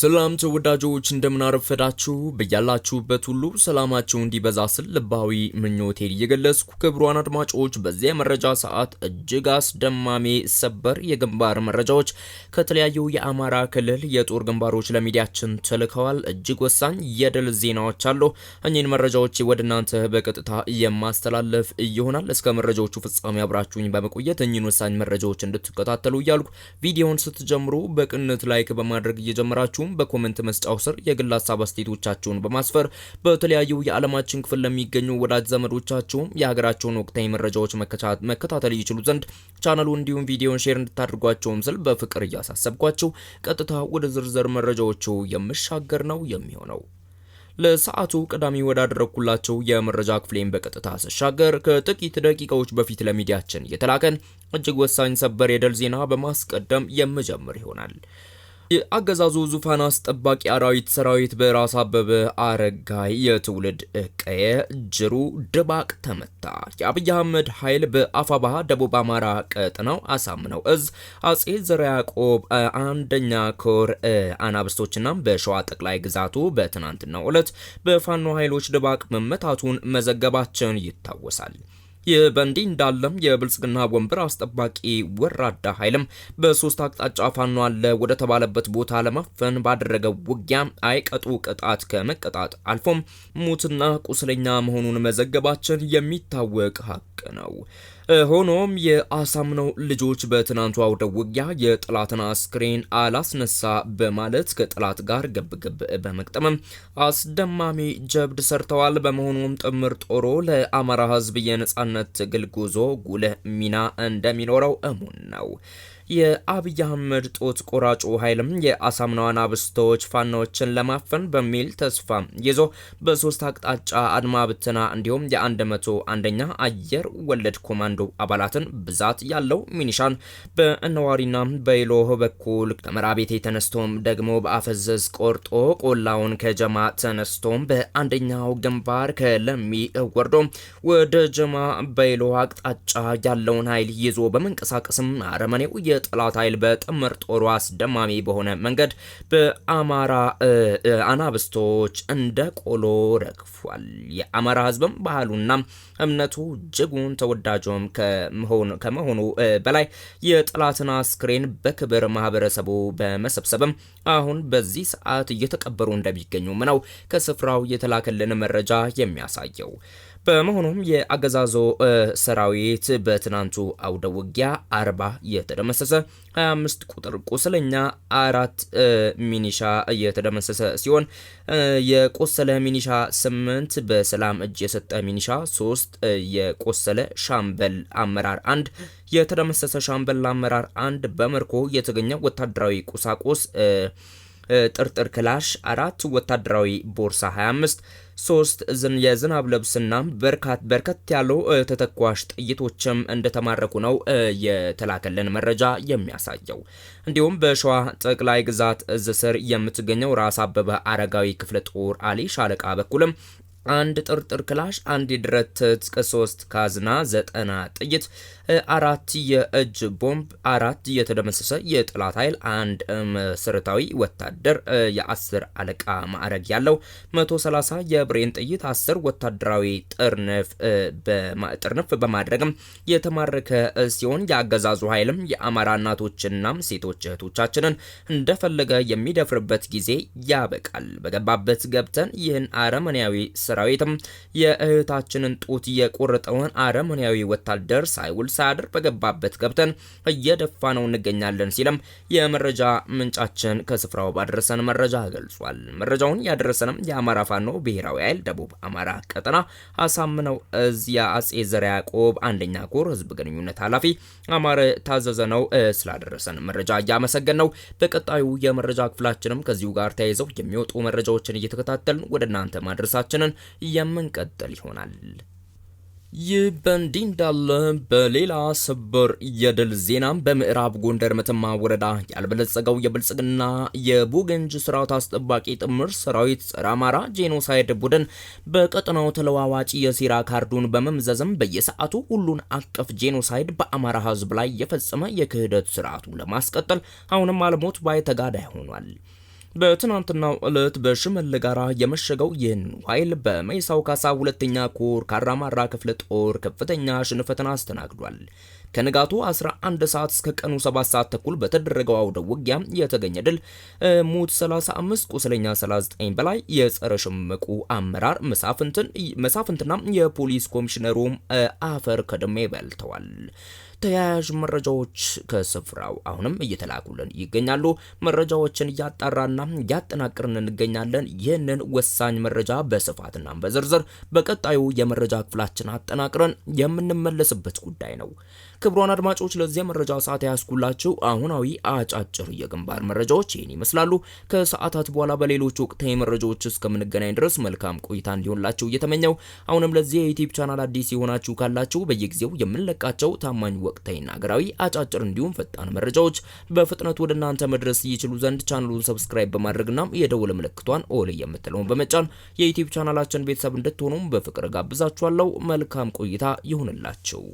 ሰላም ተወዳጆች እንደምናረፈዳችሁ በያላችሁበት ሁሉ ሰላማችሁ እንዲበዛ ስል ልባዊ ምኞቴን እየገለጽኩ ክቡራን አድማጮች በዚያ መረጃ ሰዓት እጅግ አስደማሜ ሰበር የግንባር መረጃዎች ከተለያዩ የአማራ ክልል የጦር ግንባሮች ለሚዲያችን ተልከዋል። እጅግ ወሳኝ የድል ዜናዎች አሉ። እኚህን መረጃዎች ወደ እናንተ በቀጥታ የማስተላለፍ ይሆናል። እስከ መረጃዎቹ ፍጻሜ አብራችሁኝ በመቆየት እኚህን ወሳኝ መረጃዎች እንድትከታተሉ እያልኩ ቪዲዮውን ስትጀምሩ በቅንነት ላይክ በማድረግ እየጀመራችሁ እንዲሁም በኮመንት መስጫው ስር የግል ሀሳብ አስተያየቶቻችሁን በማስፈር በተለያዩ የዓለማችን ክፍል ለሚገኙ ወዳጅ ዘመዶቻችሁም የሀገራቸውን ወቅታዊ መረጃዎች መከታተል ይችሉ ዘንድ ቻናሉ እንዲሁም ቪዲዮን ሼር እንድታደርጓቸውም ስል በፍቅር እያሳሰብኳችሁ ቀጥታ ወደ ዝርዝር መረጃዎቹ የምሻገር ነው የሚሆነው። ለሰዓቱ ቀዳሚ ወዳደረኩላቸው የመረጃ ክፍሌን በቀጥታ ስሻገር ከጥቂት ደቂቃዎች በፊት ለሚዲያችን የተላከን እጅግ ወሳኝ ሰበር የደል ዜና በማስቀደም የምጀምር ይሆናል። የአገዛዙ ዙፋን አስጠባቂ አራዊት ሰራዊት በራስ አበበ አረጋይ የትውልድ ቀየ ጅሩ ድባቅ ተመታ። የአብይ አህመድ ኃይል በአፋባ ደቡብ አማራ ቀጥነው አሳምነው እዝ አጼ ዘረ ያዕቆብ አንደኛ ኮር አናብስቶችና በሸዋ ጠቅላይ ግዛቱ በትናንትናው ዕለት በፋኖ ኃይሎች ድባቅ መመታቱን መዘገባችን ይታወሳል። ይህ በእንዲህ እንዳለም የብልጽግና ወንበር አስጠባቂ ወራዳ ኃይልም በሶስት አቅጣጫ ፋኖ አለ ወደ ተባለበት ቦታ ለማፈን ባደረገው ውጊያ አይቀጡ ቅጣት ከመቀጣት አልፎም ሙትና ቁስለኛ መሆኑን መዘገባችን የሚታወቅ ሀቅ ነው። ሆኖም የአሳምነው ልጆች በትናንቱ አውደ ውጊያ የጠላትን አስክሬን አላስነሳ በማለት ከጠላት ጋር ግብግብ በመቅጠምም አስደማሚ ጀብድ ሰርተዋል። በመሆኑም ጥምር ጦሮ ለአማራ ሕዝብ የነጻነት ትግል ጉዞ ጉልህ ሚና እንደሚኖረው እሙን ነው። የአብይ አህመድ ጦት ቆራጩ ኃይልም የአሳምናዋን አብስቶዎች ፋናዎችን ለማፈን በሚል ተስፋ ይዞ በሶስት አቅጣጫ አድማ ብትና እንዲሁም የአንድ መቶ አንደኛ አየር ወለድ ኮማንዶ አባላትን ብዛት ያለው ሚኒሻን በእነዋሪና በይሎ በኩል ከመራቤቴ ተነስቶም ደግሞ በአፈዘዝ ቆርጦ ቆላውን ከጀማ ተነስቶም በአንደኛው ግንባር ከለሚ ወርዶ ወደ ጀማ በይሎ አቅጣጫ ያለውን ኃይል ይዞ በመንቀሳቀስም አረመኔው የ የጠላት ኃይል በጥምር ጦሩ አስደማሚ በሆነ መንገድ በአማራ አናብስቶች እንደ ቆሎ ረግፏል። የአማራ ህዝብም ባህሉና እምነቱ እጅጉን ተወዳጁም ከመሆኑ በላይ የጠላትን አስክሬን በክብር ማህበረሰቡ በመሰብሰብም አሁን በዚህ ሰዓት እየተቀበሩ እንደሚገኙም ነው ከስፍራው የተላከልን መረጃ የሚያሳየው። በመሆኑም የአገዛዞ ሰራዊት በትናንቱ አውደ ውጊያ አርባ የተደመሰሰ 25 ቁጥር ቁስለኛ፣ አራት ሚኒሻ የተደመሰሰ ሲሆን የቆሰለ ሚኒሻ ስምንት በሰላም እጅ የሰጠ ሚኒሻ ሶስት የቆሰለ ሻምበል አመራር አንድ የተደመሰሰ ሻምበል አመራር አንድ በመርኮ የተገኘ ወታደራዊ ቁሳቁስ ጥርጥር ክላሽ አራት ወታደራዊ ቦርሳ 25 ሶስት የዝናብ ልብስና በርካት በርከት ያሉ ተተኳሽ ጥይቶችም እንደተማረኩ ነው የተላከልን መረጃ የሚያሳየው። እንዲሁም በሸዋ ጠቅላይ ግዛት እዝ ስር የምትገኘው ራስ አበበ አረጋዊ ክፍለ ጦር አሊ ሻለቃ በኩልም አንድ ጥርጥር ክላሽ፣ አንድ የድረት ትጥቅ፣ ሶስት ካዝና፣ ዘጠና ጥይት፣ አራት የእጅ ቦምብ፣ አራት የተደመሰሰ የጠላት ኃይል፣ አንድ መሰረታዊ ወታደር የአስር አለቃ ማዕረግ ያለው 130 የብሬን ጥይት፣ አስር ወታደራዊ ጥርንፍ ጥርንፍ በማድረግም የተማረከ ሲሆን የአገዛዙ ኃይልም የአማራ እናቶችና ሴቶች እህቶቻችንን እንደፈለገ የሚደፍርበት ጊዜ ያበቃል። በገባበት ገብተን ይህን አረመኔያዊ ሰራዊትም የእህታችንን ጡት የቆረጠውን አረመኔያዊ ወታደር ሳይውል ሳያድር በገባበት ገብተን እየደፋ ነው እንገኛለን ሲልም የመረጃ ምንጫችን ከስፍራው ባደረሰን መረጃ ገልጿል። መረጃውን ያደረሰንም የአማራ ፋኖ ብሔራዊ ኃይል ደቡብ አማራ ቀጠና አሳምነው እዚያ አጼ ዘርዓ ያዕቆብ አንደኛ ኮር ህዝብ ግንኙነት ኃላፊ አማረ ታዘዘ ነው። ስላደረሰን መረጃ እያመሰገን ነው። በቀጣዩ የመረጃ ክፍላችንም ከዚሁ ጋር ተያይዘው የሚወጡ መረጃዎችን እየተከታተልን ወደ እናንተ ማድረሳችንን የምንቀጥል ይሆናል። ይህ በእንዲህ እንዳለ በሌላ ሰበር የድል ዜናም በምዕራብ ጎንደር መተማ ወረዳ ያልበለጸገው የብልጽግና የቡግንጅ ስርዓት አስጠባቂ ጥምር ሰራዊት ጸረ አማራ ጄኖሳይድ ቡድን በቀጠናው ተለዋዋጭ የሴራ ካርዱን በመምዘዝም በየሰዓቱ ሁሉን አቀፍ ጄኖሳይድ በአማራ ሕዝብ ላይ የፈጸመ የክህደት ስርዓቱ ለማስቀጠል አሁንም አልሞት ባይ ተጋዳይ ሆኗል። በትናንትናው ዕለት በሽመል ጋራ የመሸገው ይህን ኃይል በመይሳው ካሳ ሁለተኛ ኮር ካራማራ ክፍለ ጦር ከፍተኛ ሽንፈትን አስተናግዷል። ከንጋቱ 11 ሰዓት እስከ ቀኑ 7 ሰዓት ተኩል በተደረገው አውደ ውጊያ የተገኘ ድል ሙት 35 ቁስለኛ 39 በላይ የጸረ ሽምቁ አመራር መሳፍንትና የፖሊስ ኮሚሽነሩ አፈር ከደሜ በልተዋል። ተያያዥ መረጃዎች ከስፍራው አሁንም እየተላኩልን ይገኛሉ። መረጃዎችን እያጣራና እያጠናቅርን እንገኛለን። ይህንን ወሳኝ መረጃ በስፋትና በዝርዝር በቀጣዩ የመረጃ ክፍላችን አጠናቅረን የምንመለስበት ጉዳይ ነው። ክቡራን አድማጮች ለዚያ መረጃ ሰዓት ያስኩላችሁ አሁናዊ አጫጭር የግንባር መረጃዎች ይህን ይመስላሉ። ከሰዓታት በኋላ በሌሎች ወቅታዊ መረጃዎች እስከምንገናኝ ድረስ መልካም ቆይታ እንዲሆንላችሁ እየተመኘው አሁንም ለዚህ የዩቲዩብ ቻናል አዲስ የሆናችሁ ካላችሁ በየጊዜው የምንለቃቸው ታማኝ ወቅታዊና ሀገራዊ አጫጭር እንዲሁም ፈጣን መረጃዎች በፍጥነት ወደ እናንተ መድረስ ይችሉ ዘንድ ቻናሉን ሰብስክራይብ በማድረግና የደውል ምልክቷን ኦል የምትለውን በመጫን የዩቲዩብ ቻናላችን ቤተሰብ እንድትሆኑም በፍቅር ጋብዛችኋለሁ። መልካም ቆይታ ይሁንላችሁ።